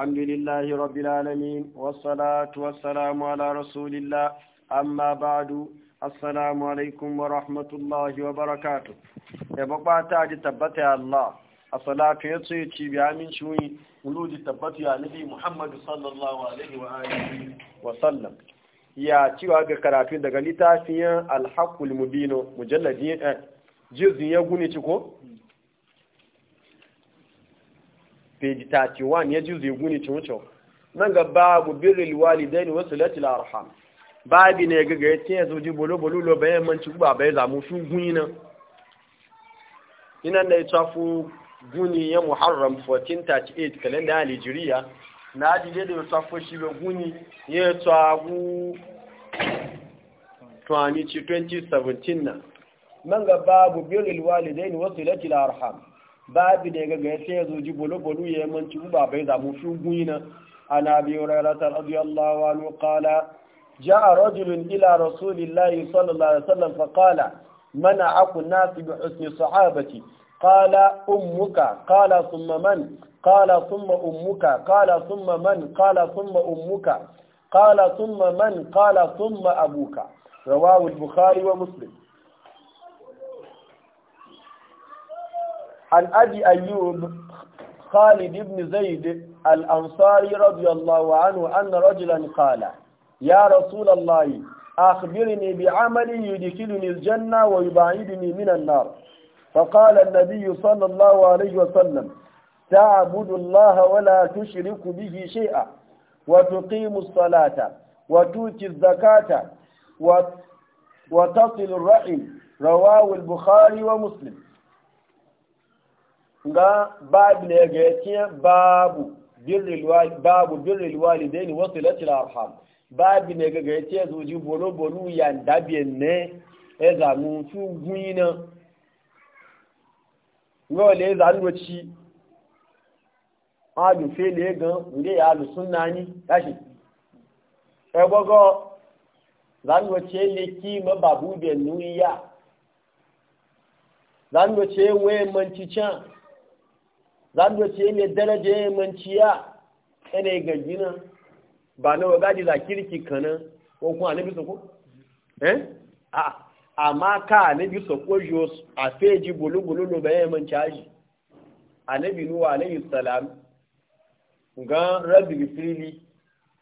الحمد لله رب العالمين والصلاة والسلام على رسول الله أما بعد السلام عليكم ورحمة الله وبركاته يا بابا تعالى تبت يا الله الصلاة يتصيتي بعامين شوي ولود تبت يا نبي محمد صلى الله عليه وآله وسلم ya cewa ga karatu daga littafin alhaqul mubino mujalladin jizin ya gune ci ko page 31 ya ji zai guni cin wucin nan ga babu birril walidain wa silatul arham babi ne ga gaya ce yazo ji bolo bolo lo bayan man ci baba bai zamu shi guni nan ina ne tafu guni ya muharram 1438 kalenda alijiriya na ji da tafu shi ga guni ya tagu 2017 nan ga babu birril walidain wa silatul arham babu da ya gaga sai ya zo ji bolo-bolo ya manci ba bai zamu fi guyina ana biyu rarata radiyallahu anhu qala ja'a rajulun ila rasulillahi sallallahu alaihi wasallam fa qala mana aku nasi bi husni sahabati qala ummuka qala thumma man qala thumma ummuka qala thumma man qala thumma ummuka qala thumma man qala thumma abuka rawahu al-bukhari wa muslim عن أبي أيوب خالد بن زيد الأنصاري رضي الله عنه أن رجلا قال يا رسول الله أخبرني بعمل يدخلني الجنة ويبعدني من النار فقال النبي صلى الله عليه وسلم تعبد الله ولا تشرك به شيئا وتقيم الصلاة وتؤتي الزكاة وتصل الرحم رواه البخاري ومسلم ga babu ne ga yace babu birrul walid babu birrul walidaini wa silatul arham babu ne ga yace zuji bolo bolu ya dabe ne e za mu su guina ngo le za nwo ci aju fe le gan nde ya lu sunna ni tashi e gogo za le ki ma babu be nuya za nwo ce we manci can zando ce mai daraja ya manciya yanayi gaji nan ba na wagadi za kirki kanan ko kuma na bisa ko? eh? a amma ka na bisa ko jos a feji bulubulu no bayan manci haji annabi nuwa alayhi salam ga rabbi fili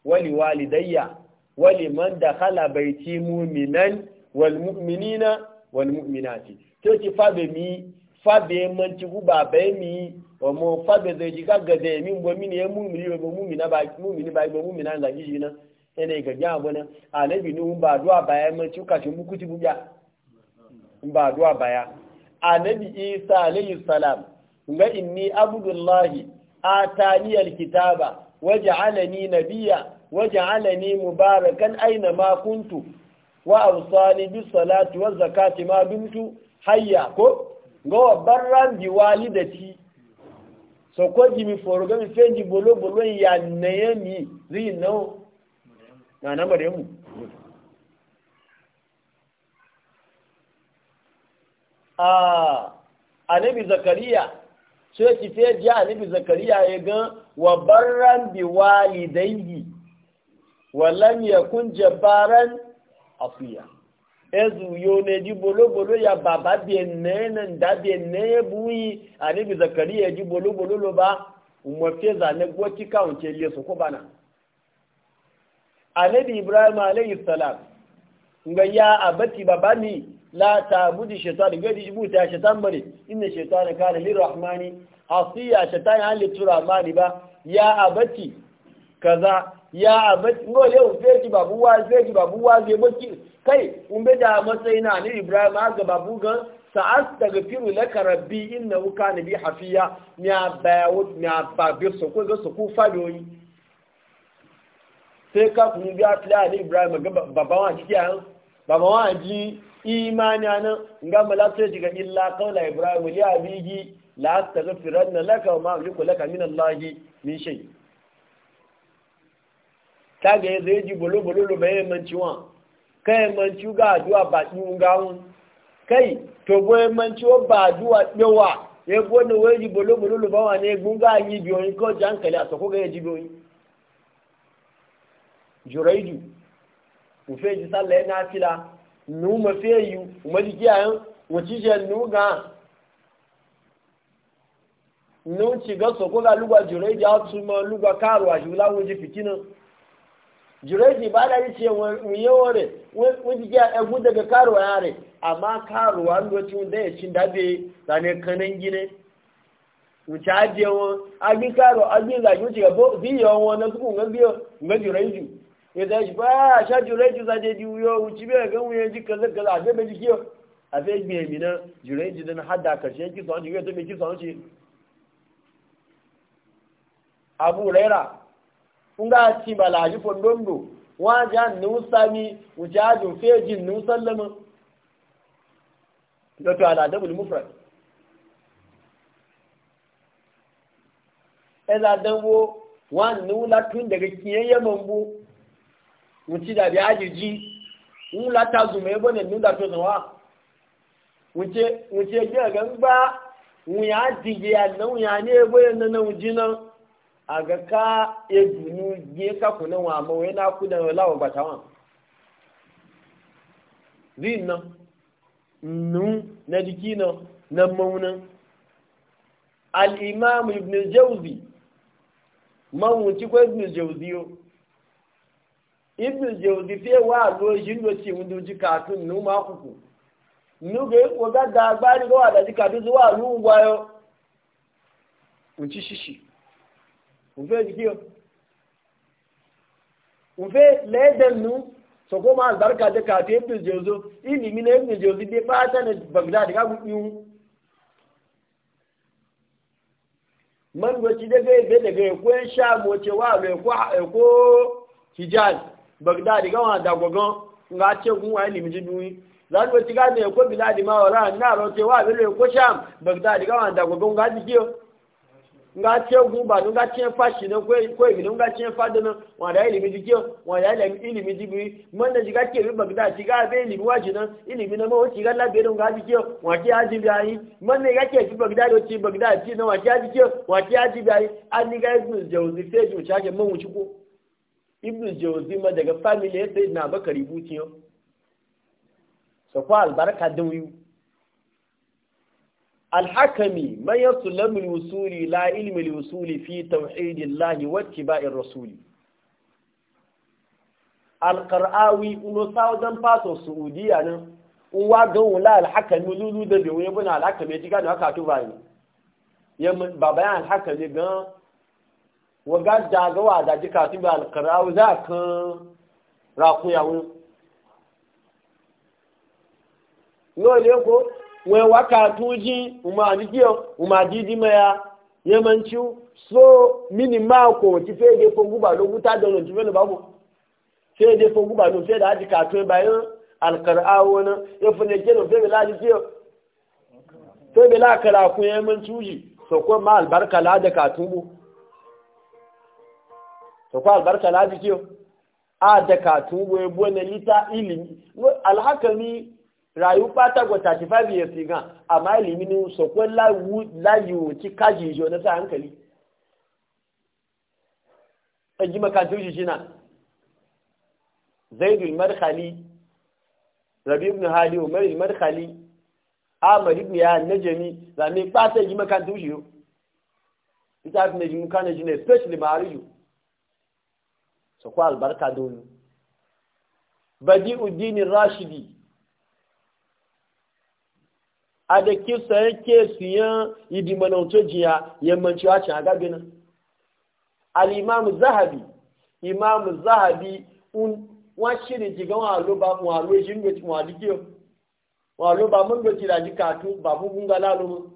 wali walidayya wali man dakhala baiti mu'minan wal mu'minina wal mu'minati to ki fa be mi fabe manci guba bai mi wa mu fabe zai ji kaga da min bo min ya mumini ba mumina ba mumini ba ba mumina na ji na ene ga ya bona anabi nu ba duwa baya manci ka shi muku ti buya ba duwa baya anabi isa alayhi salam nga inni abdullahi atani alkitaba waj'alani nabiyya waj'alani mubarakan aina ma kuntu wa awsani bis salati waz zakati ma dumtu hayya ko gowa barran bi walidati so ko ji mi foro ga mi feji bolo bolo ya naye mi zi no na na bare mu a anabi zakariya so ki ji anabi zakariya ya ga wa barran bi walidayhi wa lam yakun jabaran asiya ezu yo ne ji bolo ya baba biyanne nan da biyanne ya buyi a nabi ya ji bolo lo ba umarfe zane goci kawon ce liya su kubana a nabi ibrahim alayhi salam Nga ya abati baba la ta budi ga di buta shaitan bare inna shaitan kana lirrahmani asiya shaitan halittu rahmani ba ya abati kaza ya abati ngo yau sai ki babu wa sai ki babu wa sai baki kai kun be da matsayi na ni Ibrahim ga babu ga sa'astaghfiru laka rabbi innahu kana bi hafiya ni abawo ni ababe so ko ga so ku fado yi sai ka kun bi a tla ni Ibrahim ga baba wa ciki an baba wa ji imani nan ga malaka ji ga illa qawla Ibrahim li abiji la astaghfiranna laka wa ma'liku laka min Allah min shay' ta kaga yanzu ya bolo bolo lo bai manci wan kai e manci ga addu'a ba tun ga won kai to boye manci o ba addu'a dewa ye gona waji bolo bolo lo ba wane gunga yi bi on ko jankali a sako ga ji bi juraidu mu fe ji sallah na fila nu ma fe yu mu ji kiyayen mu ci je nu ga nu ci ga sako ga lugwa juraidu a tuma lugwa karuwa shi lawon ji fitinan jireji ba da ce wuye wore wani ya yagu daga karuwa re amma karuwa lokacin da ya cin dabe zane kanan gine wuce ajiye wọn agi karuwa agi zage wuce gabo biyo wọn na suku nga biyo nga ya zai shi ba a sha jireji zaje di wuyo wuce biya ga wuye ji kaza kaza a a na don hada karshe kisa wani mai kisa wani abu raira nga ci balaji fondondo waja nusami wujaju feji nusallama doto ala dabul mufrad ela danwo wan nula tun daga kiyayya mambu wuci da bi ajiji nula ta zume bone nula to zawa wuce wuce ga gamba wuya dige ya nan wuya ne boye nan wujina aga ka edunu ye ka kuna ama na kuna la wa bata wa dinna nu na dikina na mauna al ibn jawzi mawun ci ibn jauzi yo ibn jauzi fe wa lo jin do ci mun duji ka atụ nu ma ku nu ge ga shishi nfe jikio nfe ledan nu so ko ma albarka da ka te ibn jawzo ilimi na ibn jawzo dai fata na bagdad ga gudu man wace daga ga daga ko sha mo wa le ko ko hijaz bagdad ga wa da gogon nga ce gun wa ilimi ji duwi zan ga ne ko biladi ma wala na ro wa le ko sham bagdad ga wa da gogon ga jikiyo nga ce ba no nga fa fashi no ko ko ilimi nga ce fada no wa da ilimi dike wa da ilimi na man da jiga ke riba ti jiga be ilimi waji no ilimi na mo jiga la be no nga dike wa a aji bi ayi man ne ga ke ji bagda do ti bagda ti no wa ke aji ke wa a aji bi ayi ani ni ga ibn jawzi sai ju cha ke mun wuci ko ibn jawzi ma daga family sai na bakari butiyo so ko albarka dan wiyu alhakami mayarsu yasulamu al la ilmi al-wusuli fi tauhidillahi wa ittiba'ir rasuli alqarawi uno saudan faso saudiya nan uwa ga wula alhakami lulu da bai wani buna alhakami ya ji gano haka to bayi yamma baba yan alhakami ga waga daga wa da jika kasu ba alqarawi za kan rakuya wani no ne ko wai waka tuji umadikiyo umadidi maya yamanci so mini ma ko ti fe de fo guba lo guta da lo ti fe lo babu fe de fo guba lo fe da ji ka to bayan alqur'a wona yo fo ne ke lo fe be la ji ti fe be la kala ku yamanci uji so ko ma albarka la da ka tubu so ko albarka la ji ti a da ka tubu e bo ne lita ilimi alhakami rayu pata go 35 years ga amma ilimi ni so ko la wu la yu ti kaji jo na sa hankali aji e makarantu shi shina zaid al marhali rabi ibn hali umar al marhali amr ibn ya najmi za zame pata ji makarantu shi yo ita ne ji mukana ji ne especially ma'ariju so ko albarka dole badi uddin rashidi a da kisa yake siyan idimanauto jiya yammanci wacin a gabina al'imamu zahabi imamu zahabi wọ́n ṣe ne jìgá wọn àlóbá wọn àló ìṣe ń gbèsè wọn àdíkè wọn àlóbá mọ́ ń gbèsè ìdájí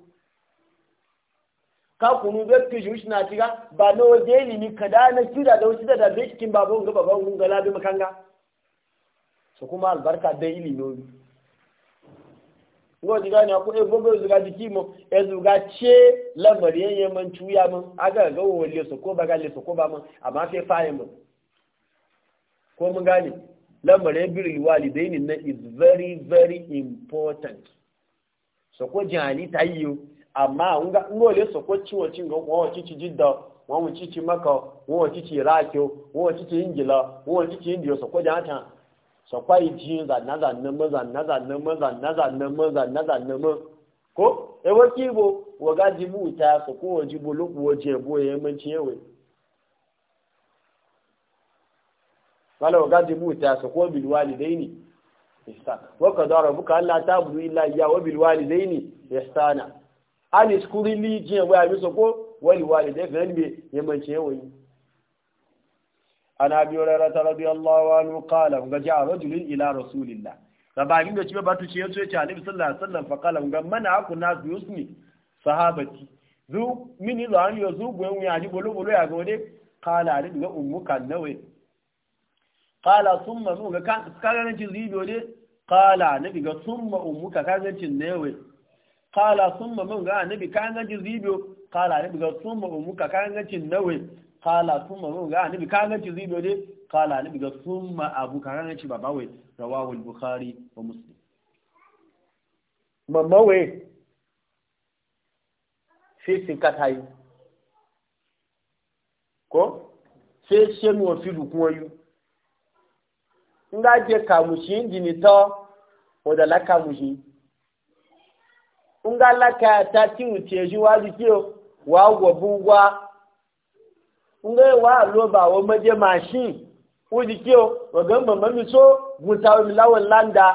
Ka kunu zai fi shi bɛ shiga? ba na waje ni ni kada na sida da wasu da da bai cikin babu ga baban gungala bi makanga su kuma albarka dai ilimi ngoji gani ko e bogo zuga dikimo eh, e eh, zuga che lamari yenye man tuya man aga ga wolle so ko baga le so ko ba man amma fe faye man ko mun gani lamari e birri walidaini na is very very important so ko jani tayo amma nga ngole so ko ciwo cinga ko cici jidda won cici maka won cici rakio won cici ingila won cici indiyo so ko janta sakwai ji zanna zanna ma zanna zanna ma zanna zanna ma ko e waki bo waga jibu ta so ko jibu lubu waje bo e ye man ci yewe wala waga jibu ta so ko bil walidaini ihsan wa qad rabbuka alla ta'budu illa iyyahu wa bil walidaini ihsana ani skuri li je wa mi so ko wali walidai ni ye man ci yewe an abi hurairah radiyallahu anhu qala ga ja'a rajulun ila rasulillah sabagin da ci ba tuce yace yace annabi sallallahu alaihi wasallam fa qala ga mana aku nasu yusni sahabati zu mini zo an yozu gwen ya ji bolo bolo ya gode qala ali ga ummuka nawe qala thumma mu ga kan kan ci zibo de qala annabi ga thumma ummuka kan ga ci nawe qala thumma mu ga annabi kan ga ci zibo qala annabi ga thumma ummuka kan ci kala sun mamu ga annabi ka ganci zibo dai kala annabi ga sun ma abu ka ganci baba wai rawahul bukhari wa muslim mamma wai sai sin ka tayi ko sai she mu fi du kuma yu nga je ka jini shi injini to o da la ka mu shi ta ti u te wa di wa go nga e wa lo ba wo maje machine wo di kio wo gan ba mami so guta mi lawon landa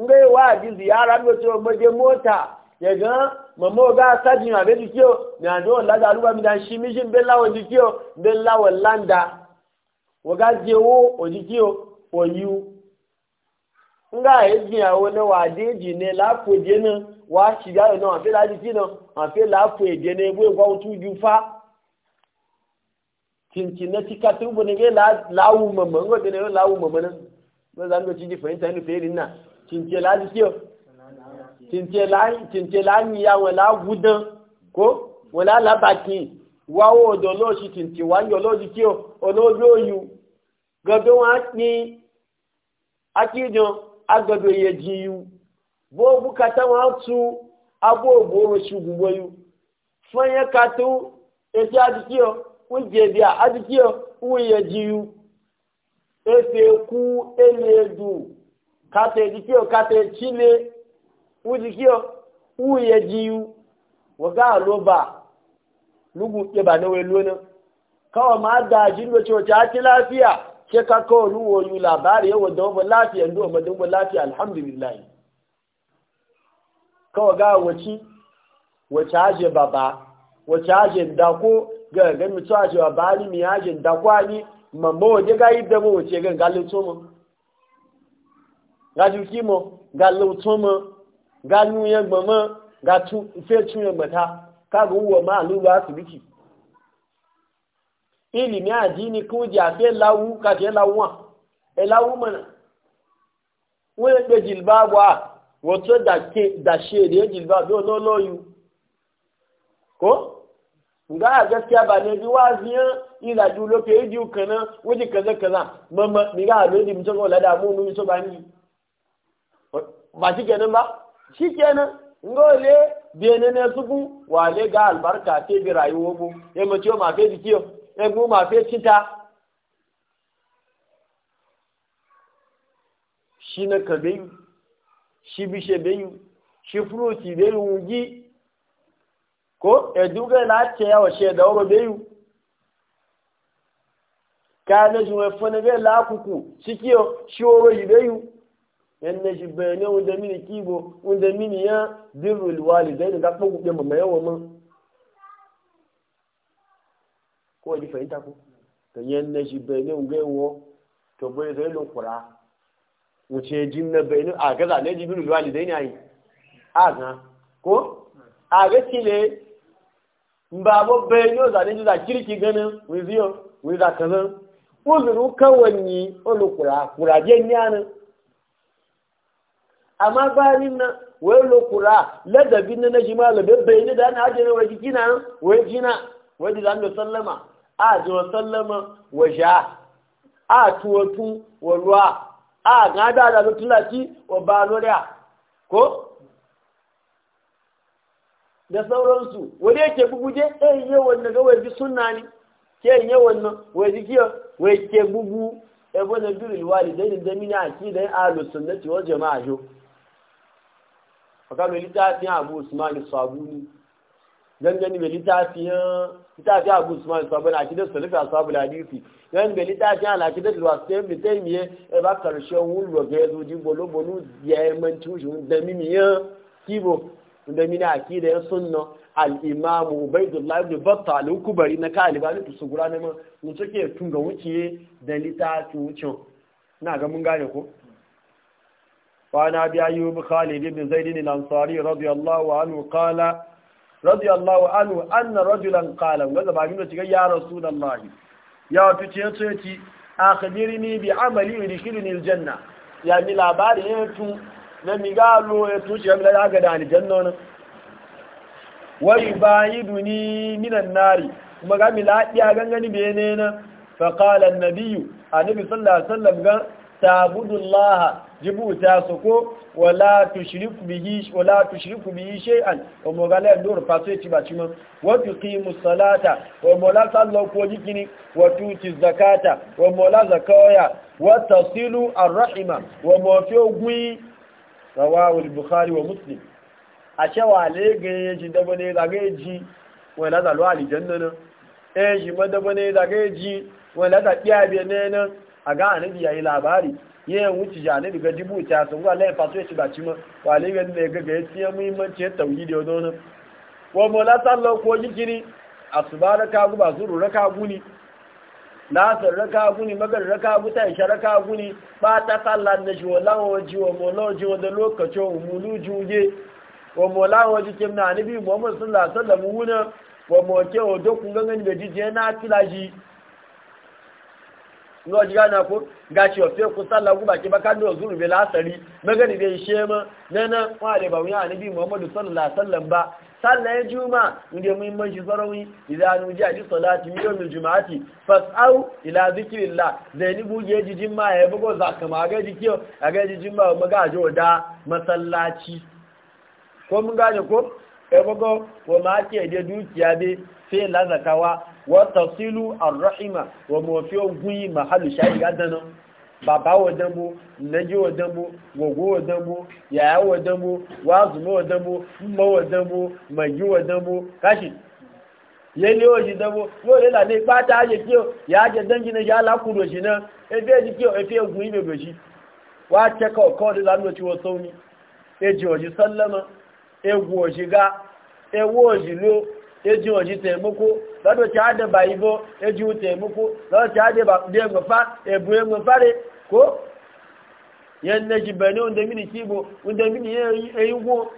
nga e wa di ziyara no to maje mota ya ga mamo ga saji ma be di na do la da ruwa mi shi mi jin be lawon di kio be lawon landa wo ga je wo o di kio o yu nga e jin awo na wa de ji ne la ko je na wa shi da e no an fe la di ti no an fe la fo e je ne bo e gwa tu ju fa tintin na cika tubu ne la lawu mama ngo de ne lawu mama nan ba zan go cinci fahimta ni fe rinna cinci la di kiyo la cinci la ni ya wala gudan ko wala la baki wawo do lo shi cinci wa yo lo di kiyo olojo yu godo wa ni akijo agodo ye jiyu bo bukata wa tu abo bo ro shugun boyu fanya katu e ti adikiyo oúnjẹ bíi àdìkí òwúyẹ jíu efe kú eléèdù kàtẹ ìdíkí chile wúdìkí òwúyẹ jíu wọ́gá àlóbà lúgùn ìbà náà wẹ̀ lónà káwọn máa da àjínú ọ̀chọ̀ ọ̀chọ̀ àti láfíà ṣe kakọ́ labari yìí làbárí ẹwọ̀ dánwọ̀ láfíà ní ọmọdé wọn láfíà alhamdulilayi káwọn gá wọ̀chí wọ̀chá àjẹ bàbá ga ga mi tsawa cewa ba ni mi yajin da kwani mamma waje ga yidda mu wace gan galin tsomo ga juki mo ga lautomo ga nuyen gbama ga tu fe tuyen gbata ka ga uwa ma alu e ba su biki ilimi ajini ko ji afe lawu ka je lawuwa e lawu mana wọ́n gbé jìlbáàbù à wọ́n tó o lo jìlbáàbù olólóyún kó nga a gaskiya ba ne bi waziyan ila ju lope idi kana waje kaza kaza mamma mi ga lo di mutum wala da mu mu so bani ba shi kenan ba shi kenan ngole bene ne subu wale ga albarka te bi rayuwa mu e mu ciyo ma fe di ciyo e mu ma fe cinta shi na kabe shi bishe be shi fruit be wuji ko eduga na ce yawa she da oro beyu ka ne ju we fone be la kuku sikio shi oro yi beyu yan ne ji be ne wanda mini kibo wanda mini ya birrul walidain da ko gube mu yawa mun ko di fahimta ko to yan ne ji be ne unge wo to bai zai lo kura wuce jin na be ne a gaza ne ji birrul walidain ayi a ko a ga mbabo beyo za ne za kirki ganin wiziyo wi za kaza uzuru kawanni olukura kuraje nyana amma bayin na wai lokura ladabin na najima da babbe ne da ana ajiye wai jikina wai jina wai da zan sallama a ji wa sallama wa a tuwatu wa ruwa a ga da da tulati wa baloriya ko da sauransu wani yake guguje ɗayan eh, yawan na gawar ji suna ne ke yin yawan nan wai ji kiyar wai ke gugu ebe eh, na biyu ilwali da yin damina a ki da yin ahalus sunnati wa jama'a jo abu usmani sabuni abu usmani sabuni a kidan salafi a sabu ladisi yan da littafin alakidan wasu yan bitaimiye e eh, ba karshen wulwa ga ya jimbolo bolu ya yi manci kibo tunda mini da ya sunna al’imamu bai dullahi da batta al’ukubari na ka alibari ku su gura neman mun suke ga wuce da littafi wucin na ga mun gane ku fana biya yi wa bukali ibn zaidi ne lansari radiyallahu anu kala radiyallahu anu anna radiyallahu kala wanda ba gina cikin yara su da ya wata ce ya ce a bi amali wa dikirin iljanna ya mi labari ya na mi ya e tuci ya milaga ga da aljanna wani wai ba yi duni minan nari kuma ga miladiya gangani bai ne na faƙalar biyu a nabi sallallahu sallam gan tabudullaha jibuta su ko wala tushriku bihi shay'an wa mogala e dur fasoye ci baci man wa tuqimu salata wa mola sallo ko jikini wa tuti zakata wa mola zakaya wa tasilu arrahima wa mofi ogwi rawawul bukhari wa muslim a cewa le ga yaji dabo ne ga yaji wa la zalu aljanna na eh shi ma dabo ne ga yaji wa la da biya biya ne na a ga annabi yayi labari ye wuce ja ne daga dubu ta sun ga lai fato ya ci baci ma wa le ga ne ga ga yaji muhimmanci tauhidi wazo na wa mola ko jikiri asubara ka guba zuru raka guni láàtọ̀ raka gúnni mẹ́gbẹ̀rẹ̀ rẹ́ká gúta ìṣẹ́ rẹ́ká gúnni pátátá lánàájíwọ̀ láwọn ojú ọmọ lọ́ọ̀jí wọn lókàtọ̀ òmùlújú yé ọmọ láwọn ojú kí náà níbi muhammadu sallallahu alaihi wasallam wúnà ọmọ kí ọdọ́kùn gángan na jíjẹ náà kílá yìí lọ́jí gánà kó gashi ọ̀fẹ́ kó sálàgún sallallahu alaihi wasallam ba sallar in inda muhimmanci sarauni idan uji ali salati miliyon juma'ati fas'au ila zikrillah zai ni jijin ma ya bugo zaka ma ga jikiyo a ga jijin ma ga da masallaci ko mun gane ko ya bugo ko ma ke da dukiya be sai lazakawa wa tafsilu ar-rahima wa mafiyo guyi mahallu shayi gadanu Baba wo dánbó nẹ́jí wo dánbó gbogbo wo dánbó yaya wo dánbó wàásùmọ́ wo dánbó mmọ́ wo dánbó mẹ̀jú wo dánbó káṣì yẹni o ṣe dánwó yóò lè lànà o yàá jẹ dánjí náà yàá lákùnrin òṣì náà ebi o efi egun yìí bèbè sí wá kẹ́kọ̀ọ́ kọ́ ọdún lánàá tí wọ́n tó ní ejì egun ga ewu ló lọ́dọ̀ tí a dẹ̀ bá lọ́dọ̀ tí a dẹ̀ bá ko yan na ji bane wanda mini kibo wanda mini yayin go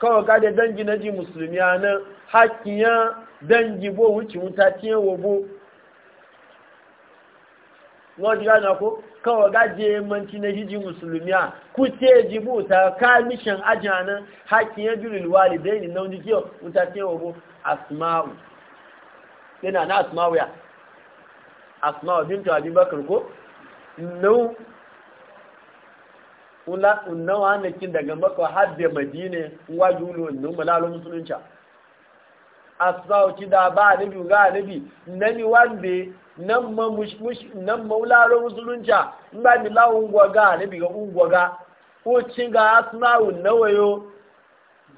kawai ka da dangi na ji musulmi a nan hakiya dangi bo wuce wuta tiye wo bo wọ́n ti gánà kó kọwọ́ gájẹ manci na jíjí musulmi a kú tí ta ká mishan ajánan hakiyar birnin walidai ni náà jíkíọ̀ wuta tiye wo bo asma'u yana na asma'u ya asma'u bintu abubakar ko nau kula nawa kin daga maka hadde madina wa julo nau malalun musulunci asauci da ba bi, ga nabi nani wande nan ma mushmush nan maularo musulunci in ba mi lawun gwaga bi ga ungwaga ko cin ga asma'u nawayo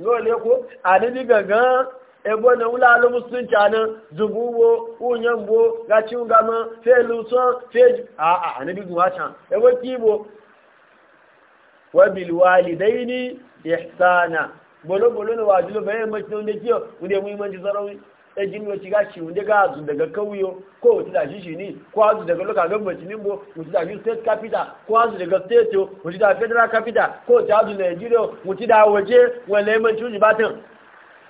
dole ko a nabi ga gan ebo na wula lo musulunci anan zubuwo unyan bo ga cin gama fe luson fe a a anabi zuwa can ebo kibo wa bil walidaini ihsana bolo bolo ne wajulo bayan mutum ne kiyo wanda muhimmanci sarawi e jini wacce ga shi wanda ga azu daga kauyo ko wacce da shi ne ko azu daga local government ne bo wacce da state capital ko azu daga state wacce da federal capital ko wacce azu nigeria wacce da waje wanda yammanci wacce batun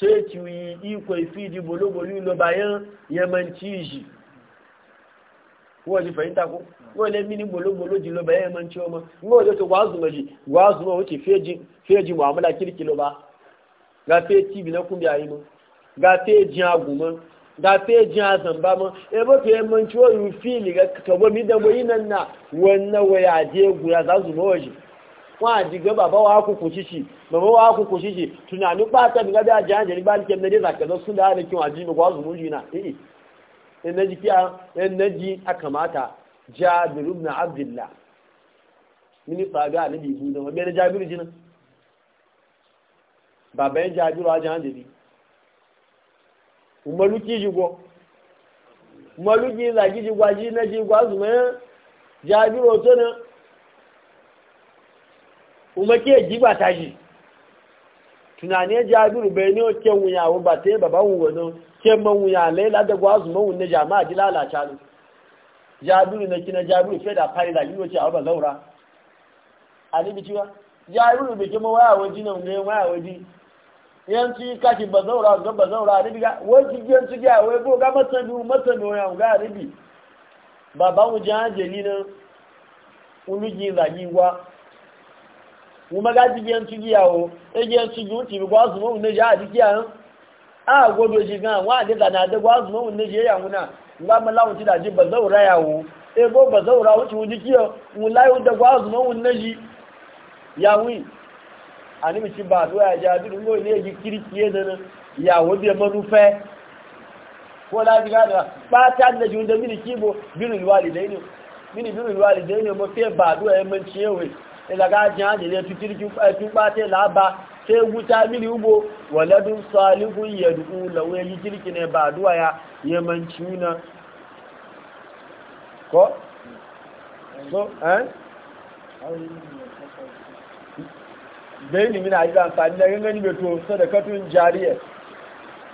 sai ci yi iko ifidi bolobolo lo bayan yamanci shi wọ́n ti fẹ̀yìntà kó wọ́n lé mini gbólógbóló jù lọ bẹ̀rẹ̀ ẹ̀mọ́ tí ó tó wàásù jì wàásù ó ti fẹ́ẹ̀jì muhammadu kiriki ló bá ga bí wọn àdìgbẹ́ bàbá wa kùkù ṣíṣì bàbá wa kùkù ṣíṣì tùnà ní nígbà bí àjẹ́ àjẹ́ nígbà nìkẹ́ mẹ́rin ìzàkẹ́lọ́ sún dáa kí wọ́n àjí mi wọ́n zùmú yìí náà èyí ẹnẹ́jì akamata jábìrì ibn abdullah mínísítà gá níbi ìbú náà bí ẹni jìnnà bàbá ẹ̀ jábìrì àjẹ́ àjẹ́ bí umaru kí yìí wọ umaru kí yìí làjí kuma ke ji ba ta ji tunane jabiru bai ne ke wuya wa ba ta yi baba wano ke man wuya laila da gwazu man wunne jama'a ji lalata ne jabiru na kina jabiru fe da fari da yiwo ce abu zaura a ni biciwa jabiru bai kima waya waji na wunne waya waji yanci kashi ba zaura ga ba zaura a ga wajen yanci ga wai ko ga matsan biyu matsan biyu ya ga ribi baban wujen jeli na ulugi zagi wa mo ma gáàdì bí ẹn tún yíya o ẹgbẹ́ ẹn tún yíò tì ní ṣe àdíkí àrùn àgbọ́dọ̀ ṣe gan àwọn àdíkà náà dé gbọ́sùn ní ṣe àwọn náà nígbà mọ́ láwọn ti dàjí bàzọ́wò ráyà o ẹgbẹ́ bàzọ́wò ti wọ́n díkí ọ wọn láyé ó dé ní ṣe yàwí àníbi ti bà tó àjà àdúrú mọ́ ilé ẹ̀jì kíríkì ẹ̀ nana ìyàwó bí ẹmọ nu fẹ́ kó láti ká nà pátá oúnjẹ mí ilaga jiya da ne tukirkin ƙarfin ɓata laba sai wuta mini ubo waladun salihun ya duku lauye yi kirki ne ba duwa ya yamanci na ko? so eh? bai nemi na ajiyar amfani da gangani bai to sadakatun jariyar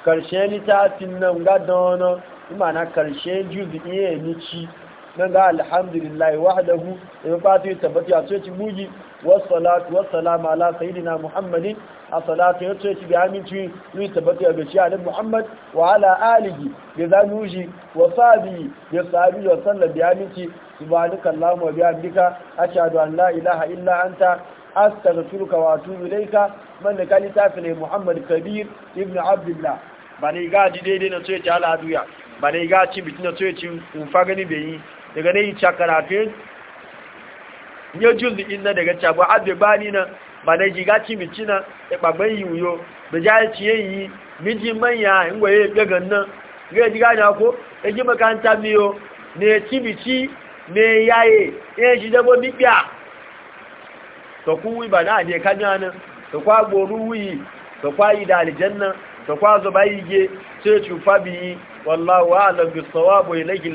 karshe littafin nan gadon wani imana karshe juzi iya nici nan ga alhamdulillahi wahdahu in fatu ya tabbata ya ce ci bugi wassalatu wassalamu ala sayyidina muhammadin a salatu ya ce ci bi aminci yi tabbata ga shi alin muhammad wa ala alihi bi zanuji wa sabi bi sabi wa sallam bi aminci subhanaka allahumma wa bihamdika ashhadu an la ilaha illa anta astaghfiruka wa atubu ilayka man da kalita fi muhammad kabir ibn abdullah ba ne ga daidai na ce ci ala aduya ba ci bitin na tsoye ci in fa gani bai yi daga ne yi cakarafin ya juzi ina daga cagwa abin bani na ba na giga cimici na ikpagban e yi wuyo da jaya e ciye yi miji manya ingwaye gagan nan ga jiga na ko ya e ji makaranta miyo ne cimici ne yaye ya shi dabo mibiya ta kuwi ba na ne kanya nan ta kwa gboru wuyi ta kwa yi dalijan nan, ta kwa zuba yi ge ce cufa biyi wallawa a'lam bis sawab wa ilayhi